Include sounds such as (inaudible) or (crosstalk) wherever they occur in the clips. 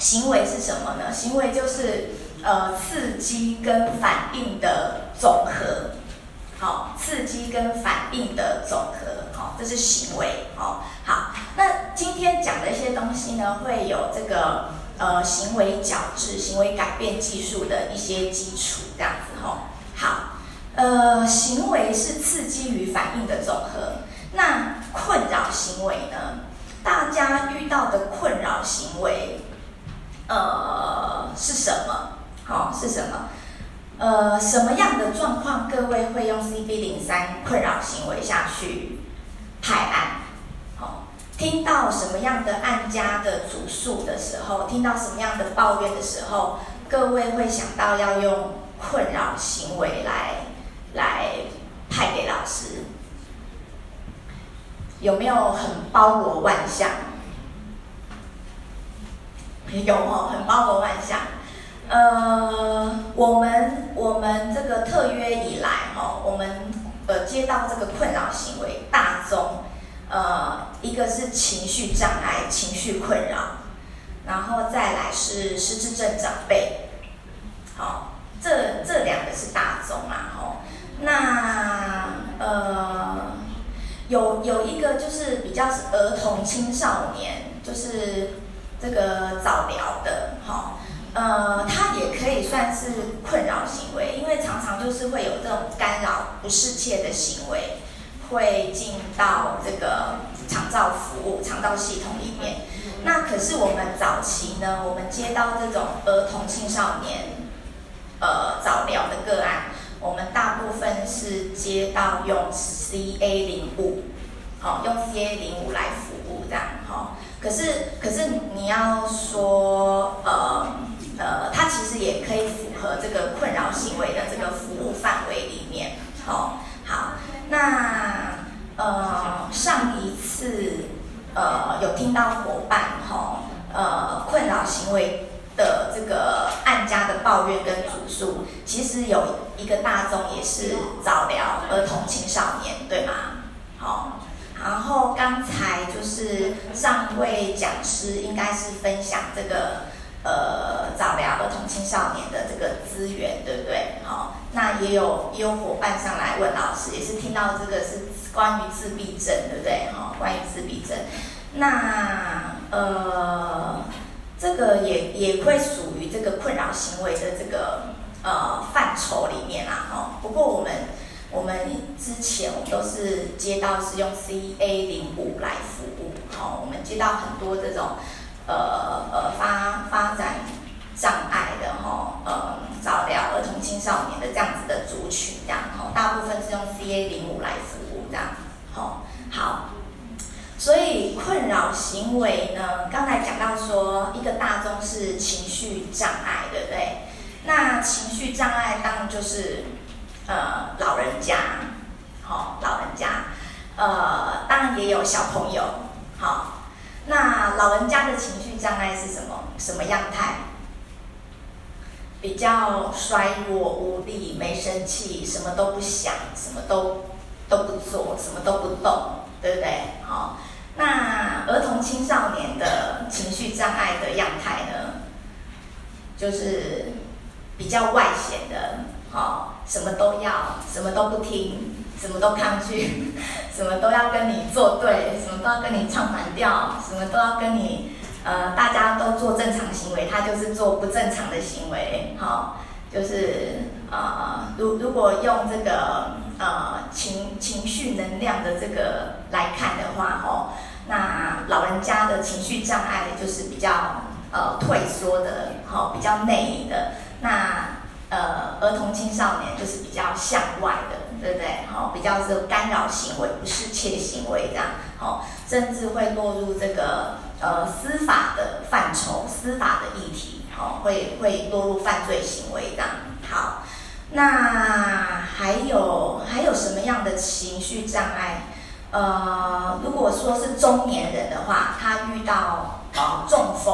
行為是什麼呢？行為就是呃刺激跟反應的總和。好，刺激跟反應的總和，好、哦哦，這是行為。好、哦，好，那今天講的一些東西呢，會有這個呃行為矯治、行為改變技術的一些基礎，這樣子吼。好、哦哦，呃，行為是刺激與反應的總和。那困擾行為呢？大家遇到的困擾行為。呃，是什麼？好、哦，是什麼？呃，什麼樣的狀況，各位會用 CB 零三困擾行為下去派案？好、哦，聽到什麼樣的案家的主訴的時候，聽到什麼樣的抱怨的時候，各位會想到要用困擾行為來來派給老師？有沒有很包羅萬象？有哦，很包羅萬象。呃，我們我們這個特約以來哈、哦，我們呃接到這個困擾行為大宗，呃，一個是情緒障礙、情緒困擾，然後再來是失智症長輩。好、哦，這這兩個是大宗啊，哈、哦。那呃，有有一個就是比較是兒童青少年，就是。這個早療的，哈、哦，呃，它也可以算是困擾行為，因為常常就是會有這種干擾、不適切的行為，會進到這個長照服務、長照系統裡面。那可是我們早期呢，我們接到這種兒童、青少年，呃，早療的個案，我們大部分是接到用 CA 零五，哦，用 CA 零五來服務這樣。可是，可是你要說，呃，呃，它其實也可以符合這個困擾行為的這個服務範圍裡面，哦，好，那，呃，上一次，呃，有聽到夥伴吼，呃，困擾行為的這個案家的抱怨跟主訴，其實有一個大眾也是早療兒童青少年，對嗎？好、哦。然後剛才就是上一位講師應該是分享這個呃早療兒童青少年的這個資源，對不對？好、哦，那也有也有夥伴上來問老師，也是聽到這個是關於自閉症，對不對？哈、哦，關於自閉症，那呃這個也也會屬於這個困擾行為的這個呃範疇裡面啦、啊，哦，不過我們。我們之前，我們都是接到是用 CA 零五來服務，吼、哦，我們接到很多這種，呃呃發發展障礙的吼、呃早療兒童青少年的這樣子的族群這樣，吼、哦，大部分是用 CA 零五來服務這樣，吼、哦，好，所以困擾行為呢，剛才講到說一個大宗是情緒障礙，對不對？那情緒障礙當然就是。呃，老人家，好，老人家，呃，當然也有小朋友，好。那老人家的情緒障礙是什麼？什麼樣態？比較衰弱無力，沒生氣，什麼都不想，什麼都都不做，什麼都不動，對不對？好。那兒童青少年的情緒障礙的樣態呢？就是比較外顯的，好。什麼都要，什麼都不聽，什麼都抗拒，什麼都要跟你作對，什麼都要跟你唱反調，什麼都要跟你，呃，大家都做正常行為，他就是做不正常的行為，好、哦，就是呃，如如果用這個呃情情緒能量的這個來看的話，哦，那老人家的情緒障礙就是比較呃退縮的，好、哦，比較內隱的，那。呃，兒童青少年就是比較向外的，對不對？好、哦，比較是干擾行為、不適切行為這樣，好、哦，甚至會落入這個呃司法的範疇、司法的議題，好、哦，會會落入犯罪行為這樣。好，那還有還有什麼樣的情緒障礙？呃，如果說是中年人的話，他遇到、哦、中風，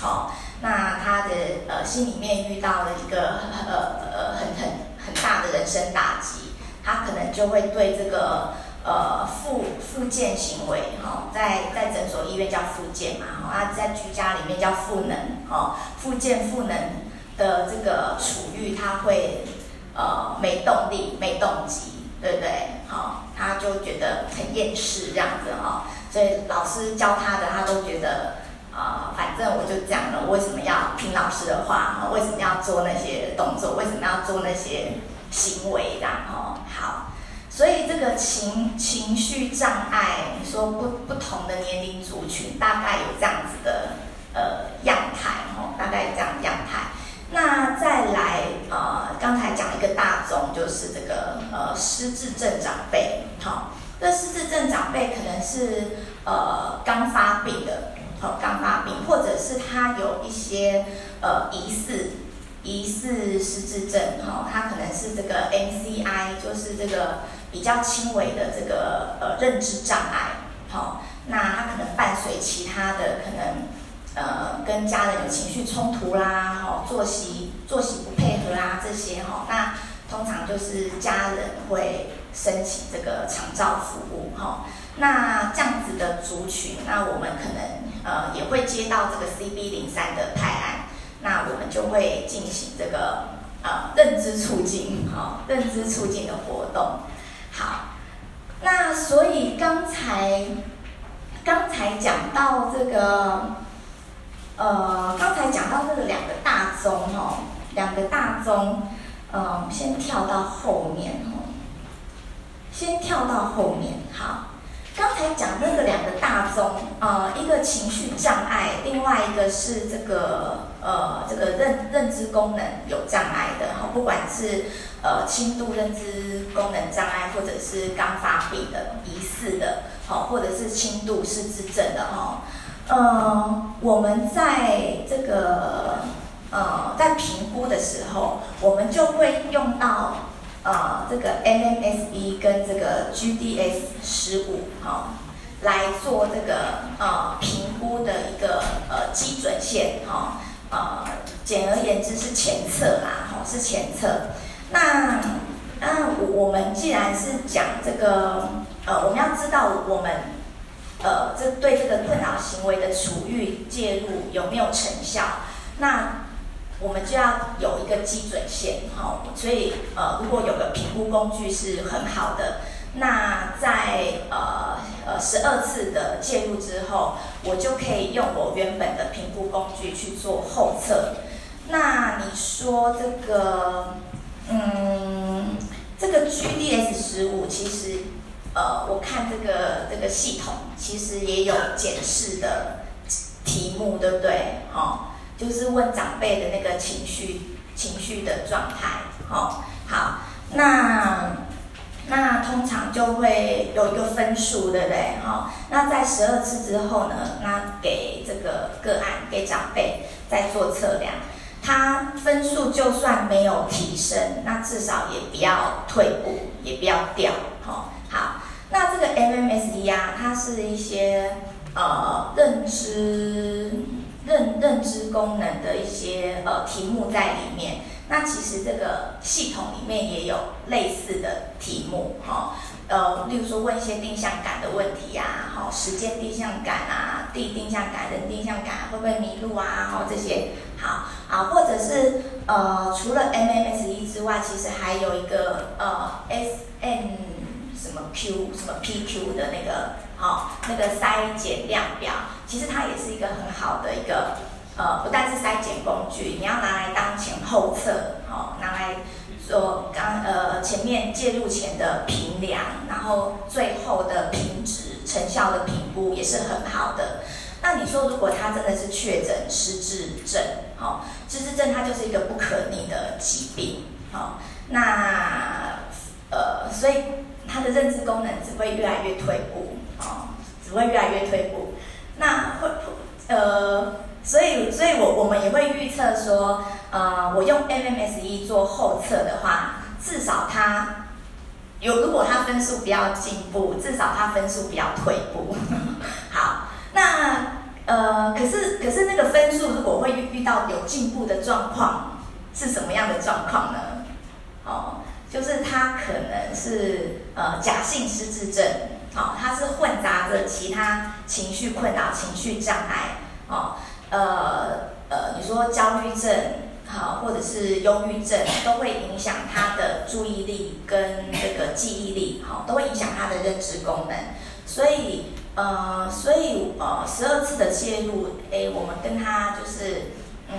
好、哦。那他的呃心裡面遇到了一個呃呃很很很大的人生打擊，他可能就會對這個呃復復健行為哈、哦，在在診所醫院叫復健嘛，哈、哦，他在居家裡面叫賦能哈，復健賦能的這個處遇他會呃沒動力沒動機，對不對？好、哦，他就覺得很厭世這樣子哈、哦，所以老師教他的他都覺得。啊，反正我就講了，為什麼要聽老師的話？為什麼要做那些動作？為什麼要做那些行為的？好，所以這個情情緒障礙，你說不不同的年齡族群大概有這樣子的呃樣態，哦，大概有這樣的樣態。那再來，呃，剛才講一個大宗，就是這個呃失智症長輩，好、哦，那失智症長輩可能是呃剛發病的。哦，肝發病，或者是他有一些呃疑似疑似失智症，哈、哦，他可能是這個 MCI，就是這個比較輕微的這個呃認知障礙，好、哦，那他可能伴隨其他的可能呃跟家人有情緒衝突啦，哈、哦，作息作息不配合啊這些，哈、哦，那通常就是家人會。申請這個長照服務，哈，那這樣子的族群，那我們可能呃也會接到這個 CB 零三的派案，那我們就會進行這個呃認知促進，哈，認知促進、哦、的活動。好，那所以剛才剛才講到這個，呃，剛才講到這個兩個大宗，哦，兩個大宗，嗯、呃，先跳到後面，哈。先跳到後面，好，剛才講那個兩個大宗，呃，一個情緒障礙，另外一個是這個，呃，這個認認知功能有障礙的，哈，不管是呃輕度認知功能障礙，或者是剛發病的、疑似的，好、哦，或者是輕度失智症的，哈、哦，呃，我們在這個，呃，在評估的時候，我們就會用到。呃，這個 MMSE 跟這個 GDS 十五，哦、啊，來做這個呃評估的一個呃基準線哈，哦。呃，簡而言之是前測嘛，吼，哦，是前測。那那、呃、我們既然是講這個，呃，我們要知道我們呃這對這個困擾行為的處遇介入有沒有成效，那。我們就要有一個基準線，吼、哦，所以呃，如果有個評估工具是很好的，那在呃呃十二次的介入之後，我就可以用我原本的評估工具去做後測。那你說這個，嗯，這個 GDS 十五其實，呃，我看這個這個系統其實也有檢視的題目，對不對？哦。就是問長輩的那個情緒情緒的狀態，吼、哦、好，那那通常就會有一個分數，對不對？吼、哦，那在十二次之後呢，那給這個個案給長輩再做測量，他分數就算沒有提升，那至少也不要退步，也不要掉，哦，好，那這個 MMSE 啊，它，ER, 是一些呃認知。認認知功能的一些呃題目在裡面，那其實這個系統裡面也有類似的題目哈、哦，呃，例如說問一些定向感的問題呀、啊，好、哦，時間定向感啊，地定向感、人定向感會不會迷路啊，哦、這些，好啊，或者是呃，除了 MMSE 之外，其實還有一個呃 SM 什麼 Q 什麼 PQ 的那個。好，那個篩檢量表其實它也是一個很好的一個呃，不但是篩檢工具，你要拿來當前後測，好，拿來做剛呃前面介入前的評量，然後最後的評值成效的評估也是很好的。那你說如果他真的是確診失智症，好，失智症它就是一個不可逆的疾病，好，那呃，所以他的認知功能只會越來越退步。只會越來越退步，那會呃，所以所以我我們也會預測說，呃，我用 MMSE 做後測的話，至少它有如果它分數比較進步，至少它分數比較退步。 (laughs) 好，那呃，可是可是那個分數如果會遇遇到有進步的狀況，是什麼樣的狀況呢？哦，就是它可能是呃假性失智症。好、哦，它是混雜着其他情緒困擾、情緒障礙，哦，呃呃，你說焦慮症，好、哦，或者是憂鬱症，都會影響他的注意力跟這個記憶力，好、哦，都會影響他的認知功能。所以，呃，所以呃，十二次的介入，誒，我們跟他就是，嗯，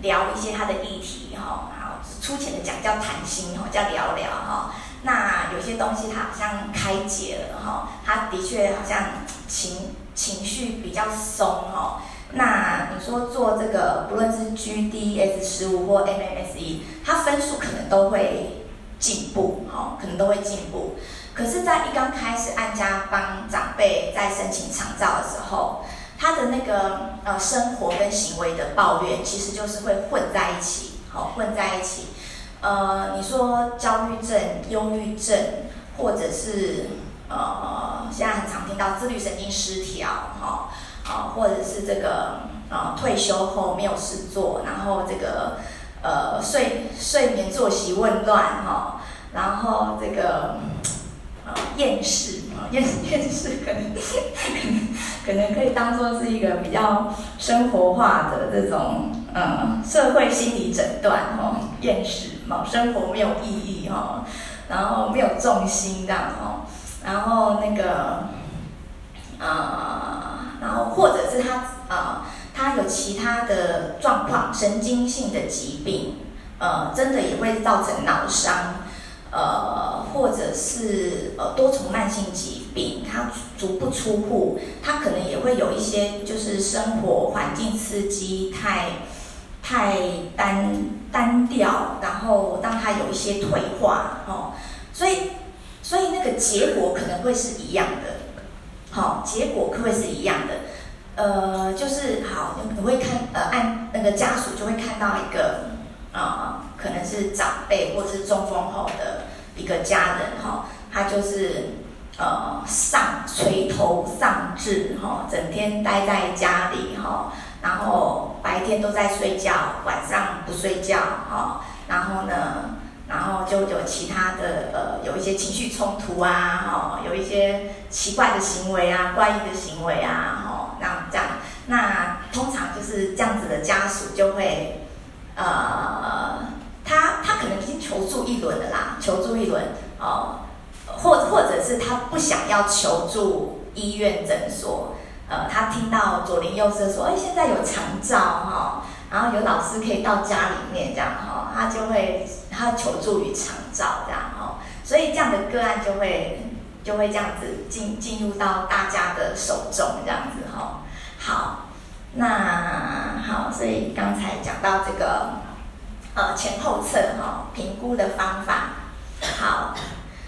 聊一些他的議題，哈、哦，好，粗淺的講叫談心，哈，叫聊聊，哈、哦。那有些東西它好像開解了哈，它的確好像情情緒比較鬆哈。那你說做這個，不論是 GDS 十五或 MMSE，它分數可能都會進步哈，可能都會進步。可是，在一剛開始按家幫長輩在申請長照的時候，他的那個呃生活跟行為的抱怨其實就是會混在一起，好混在一起。呃，你說焦慮症、憂鬱症，或者是呃，現在很常聽到自律神經失調，哈，啊，或者是這個呃，退休後沒有事做，然後這個呃，睡睡眠作息紊亂，哈、哦，然後這個呃，厭世，呃、厭厭世可能可能可能可以當做是一個比較生活化的這種。呃、嗯，社會心理診斷，吼，厭世，嘛生活沒有意義，吼，然後沒有重心這樣，吼，然後那個，呃、嗯，然後或者是他，呃，他有其他的狀況，神經性的疾病，呃，真的也會造成腦傷，呃，或者是呃多重慢性疾病，他足不出戶，他可能也會有一些就是生活環境刺激太，太單單調，然後讓他有一些退化，哦。所以所以那個結果可能會是一樣的，好、哦，結果可能會是一樣的，呃，就是好，你會看，呃，按那個家屬就會看到一個，呃，可能是長輩或是中風後的一個家人，哈、哦，他就是呃，喪垂頭喪志哈，整天待在家裡，哈、哦。然後白天都在睡覺，晚上不睡覺，哈、哦。然後呢，然後就有其他的，呃，有一些情緒衝突啊，哈、哦，有一些奇怪的行為啊，怪異的行為啊，哈、哦，那這樣，那通常就是這樣子的家屬就會，呃，他他可能已經求助一輪了啦，求助一輪，哦，或者或者是他不想要求助醫院診所。呃，他聽到左鄰右舍說，哎，現在有長照哈、哦，然後有老師可以到家裡面這樣哈、哦，他就會他求助於長照這樣哈、哦，所以這樣的個案就會就會這樣子進進入到大家的手中這樣子哈、哦。好，那好，所以剛才講到這個呃前後測哈、哦、評估的方法，好。